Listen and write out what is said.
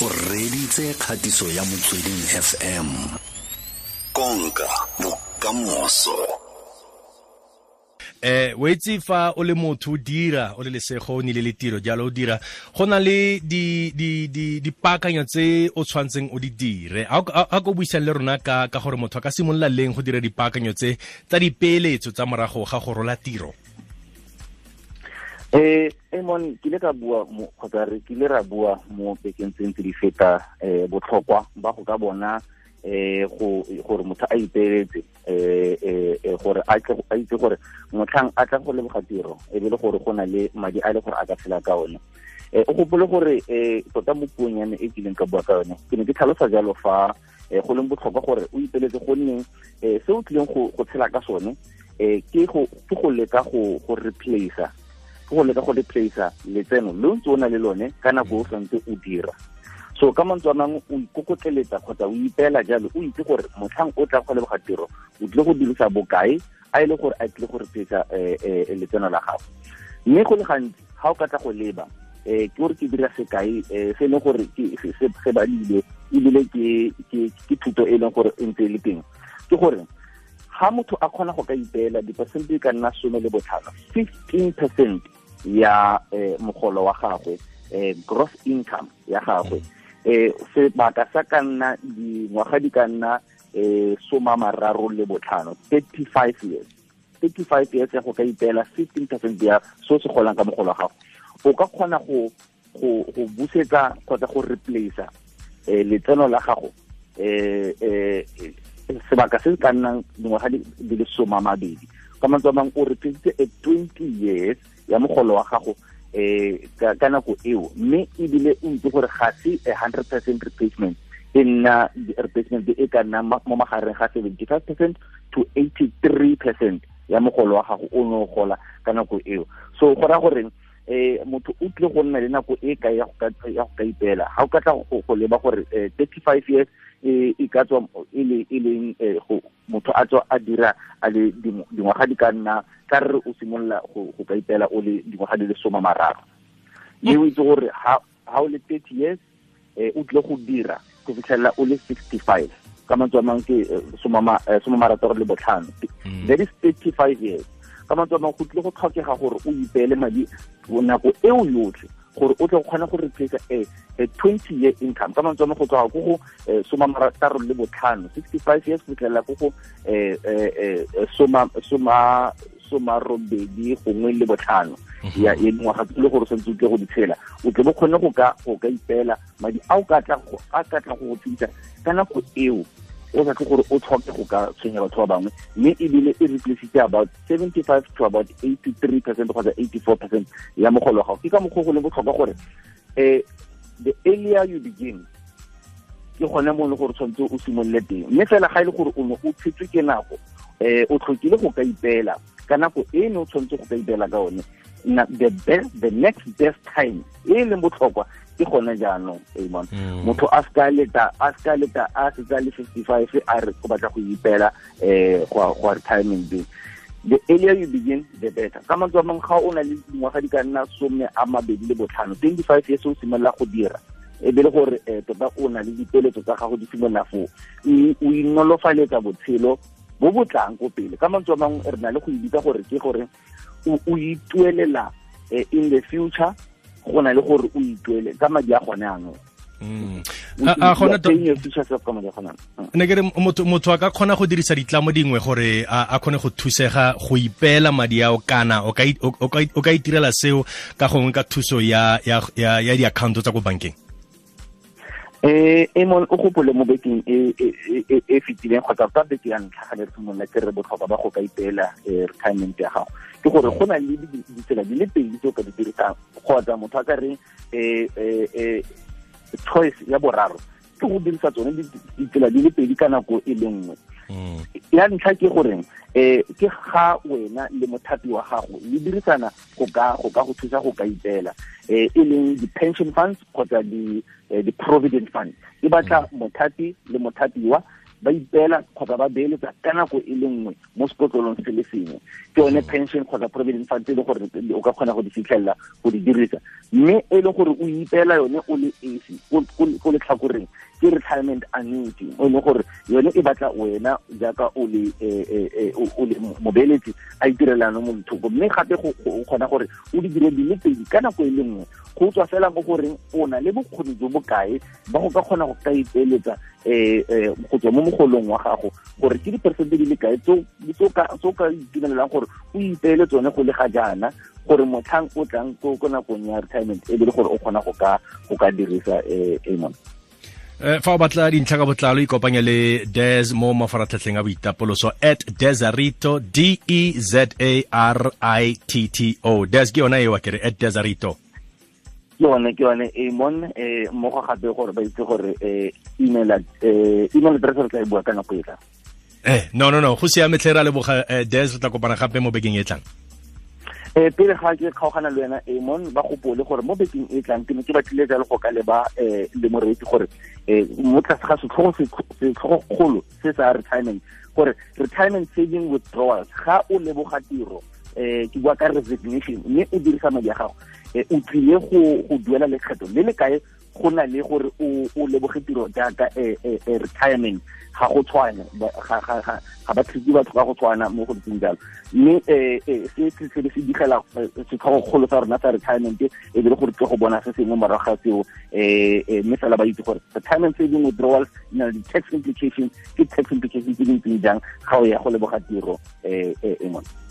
o reditse kgatiso ya motsweding fm konka bokamoso eh o itse fa o le motho dira o le lesego o le le tiro jalo o dira go na le dipaakanyo tse o tshwantseng o di dire a ko buisang le rona ka ka gore motho a ka simolola leng go dira dipaakanyo tse tsa dipeeletso tsa morago ga go rola tiro eh emon eh, ke le ka bua kgotsa re ke ra bua mo bekeng tseng tse di feta um botlhokwa ba go ka bona um gore motho a ipeeletse um gore a itse gore motlhang a tla go leboga tiro e be le gore go na le madi a le gore a ka tshela ka one um o gopole gore um tota mo puong ya me e kileng ka bua ka yone ke ne ke tlhalosa jalo fa go leng botlhokwa gore o ipeletse gonne um se o tlileng go tshela ka sone um ke go leka go replacer ke go leka go le placea letseno le ntse o na le lone ka nako o santse o dira so ka mantswe a mangwe o ikokotleletsa kgotsa o ipeela jalo o itse gore motlhang o tla go leboga tiro o tlile go dirisa bokae a e le gore a tlile go replaisa eh, eh, letseno la gago mme go le gantsi ga o ka tla go leba um ke gore ke dira sekae um se e leng gore se badile ebile ke thuto e, e leng gore e ntse e le teng ke gore ga motho a kgona go ka ipeela di e ka nna some le botlhano fifteen percent ya eh, mogolo wa gagwe eh, gross income ya gagwe mm. eh, sebaka sa ka nna dingwaga di ka nna eh, soma mararo le botlhano thirty five years thirty five years ya go ka ipeela fifteen percent ya so se golang ka mogolo wa gago o ka kgona go go go busetsa kgotsa go replace eh, letseno la gago eh, eh, sebaka se se ka nnang dingwaga di le soma mabedi ka mantswe mang o represitse a twenty years ya mogolo wa gago eh ka nako eo mme ebile o itse gore ga se a hundred percent replacement e nna replacement e ka nna mo magareng ga seventy five percent to eighty three percent ya mogolo wa gago o ne o gola ka nako eo so go raya gore eh motho o tle go nna le nako e kae ya go ka ipela ga o ka tla go leba gore eh, thirty five years e, e ka tswa e, e leng eh, motho a tswa a dira a le dingwaga di ka nna ka re o simolola go ka ipela o le dingwaga di le soma mararo mm. e o itse gore ha o le thirty years eh, o tle go dira go fitlhelela o le sixty five ka matswa mang mangwe ke soma gore le botlhano mm. that is thirty five years ka mantswe ma go tlile go tlhokega gore o ipeele madi nako eo yotlhe gore o tle go kgona go replacea eh, a a 20 year income ka mantswe ma go tloga go go eh, soma marataro le botlhano sixty-five years go tlela ko go eh, soma robedi gongwe le botlhano mhm. ya e dingwaga tse le gore santse o tle go di tshela o tle bo kgone go ka ipela madi a o ka tla go go go ka nako eo o sa tle gore o tlhoke go ka tshwenya batho ba bangwe mme ebile e replaceitse about 75 to about 83 percent kgotsa 84 percent ya mogolo wa gago ke ka mokgwa go le botlhokwa gore um the earlier you begin ke gone mo e le gore tshwanetse o simolole teng mme fela ga e le gore o ne o tshetswe ke nako um o tlhokile go ka ipela ka nako e ne o tshwanetse go ka ipela ka one the best the next best time e leng botlhokwa ke gone jaanong amon mm. motho a seka leta a seka leta a setse le fifty five a re go batla go ipela um go retirement day the earlier you begin the better ka mantswe a mangwe ga o na le dingwaga di ka nna some a mabedi le botlhano twenty five years o simolola go dira e be le gore um tota o na le dipeeletso tsa gago di simolola foo o inolofaletsa botshelo bo botlang ko pele ka mantswe a mangwe re na le go e bitsa gore ke gore o ituelela eh, in the future go na le gore o ituele ka madi a gone anong mm. a ne ke motho a ka khona go dirisa ditlamo dingwe gore a khone go thusega go ipela madi ao kana o ka itirela seo ka gongwe ka thuso ya ya ya di account tsa go bankeng Eh, e mon o gopole mo bekeng e, e, e, e fetileng kgotsa ka beke ya ntlha ga le re simolola ke re botlhokwa ba go ka ipeela eh, retirement ya gago ke gore go na le ditsela di le pedi tse ka di dirisang kgotsa motho a ka re eh, choice ya boraro ke go dirisa tsone ditsela di le pedi ka nako e le nngwe mm ya ntlha ke gore um ke ga wena le mothapi wa gago le dirisana go ka go ka go thusa go ka ipela um e leng di-pension funds kgotsa eh, di-provident fund e batla mothapi le mothapiwa ba ipela kgotsa ba beeletsa ka nako e le nngwe mo sekotlolong se le sengwe ke yone pension kgotsa provident fund tse e leng gore o ka kgona go di fitlhelela go di dirisa mme e leng gore o ipela yone o le esi le tlhakoreng ke retirement annuity o leng gore yone e batla wena jaaka o le e, e, e, o le mobeeletsi a itirelano mo dithoko mme gape go kgona gore o di dire di le pedi ka nako e le nngwe go tswa fela mo goreng o na le bokgoni jo bokae ba go ka kgona go ka ipeeletsa um go tswa mo mogolong wa gago gore ke diperesente di le kae tso ka itumelelang gore o ipeele tsone go le ga jaana gore motlhang o tlang ko nakong ya retirement e be le gore o kgona go ka dirisa um Eh, fa o batla dintlha ka botlalo ikopanya le des mo mafaratlhatlheng a boitapoloso at desarito d e z a r i t t o des ke yona e wa kere at desarito ke yone ke yone e mon eh mmogo gape gore ba itse gore eh email eh, address re tla e bua ka nako e tlang eh no no no go siametlhe tlhe ra leboga des re tla kopana gape mo bekeng e tlang e pele ga ke kgaogana le wena Amon ba gopole gore mo bekeng e tlang ke ne ke batlile le go ka leba le moreti gore mo tlase ga setlhogokgolo se sa retirement gore retirement saving withdrawals ga o leboga tiro um ke bua ka resignation mme o dirisa madi a gago Eh, o tlile go duela lekgetho le le kae go na le gore o leboge tiro jaaka eh, eh, retirement ga go tshwana ga ba treat batho ka go tshwana mo go ntseng jalo mme se se se digela setlhogokgolo sa rona sa retirement e be le gore tle go bona se sengwe morago ga seo um mme fela ba itse gore retirement saving withdrawals na le di-tax implications ke tax implication tse dintseng jang ga o ya go leboga tiro um e ngone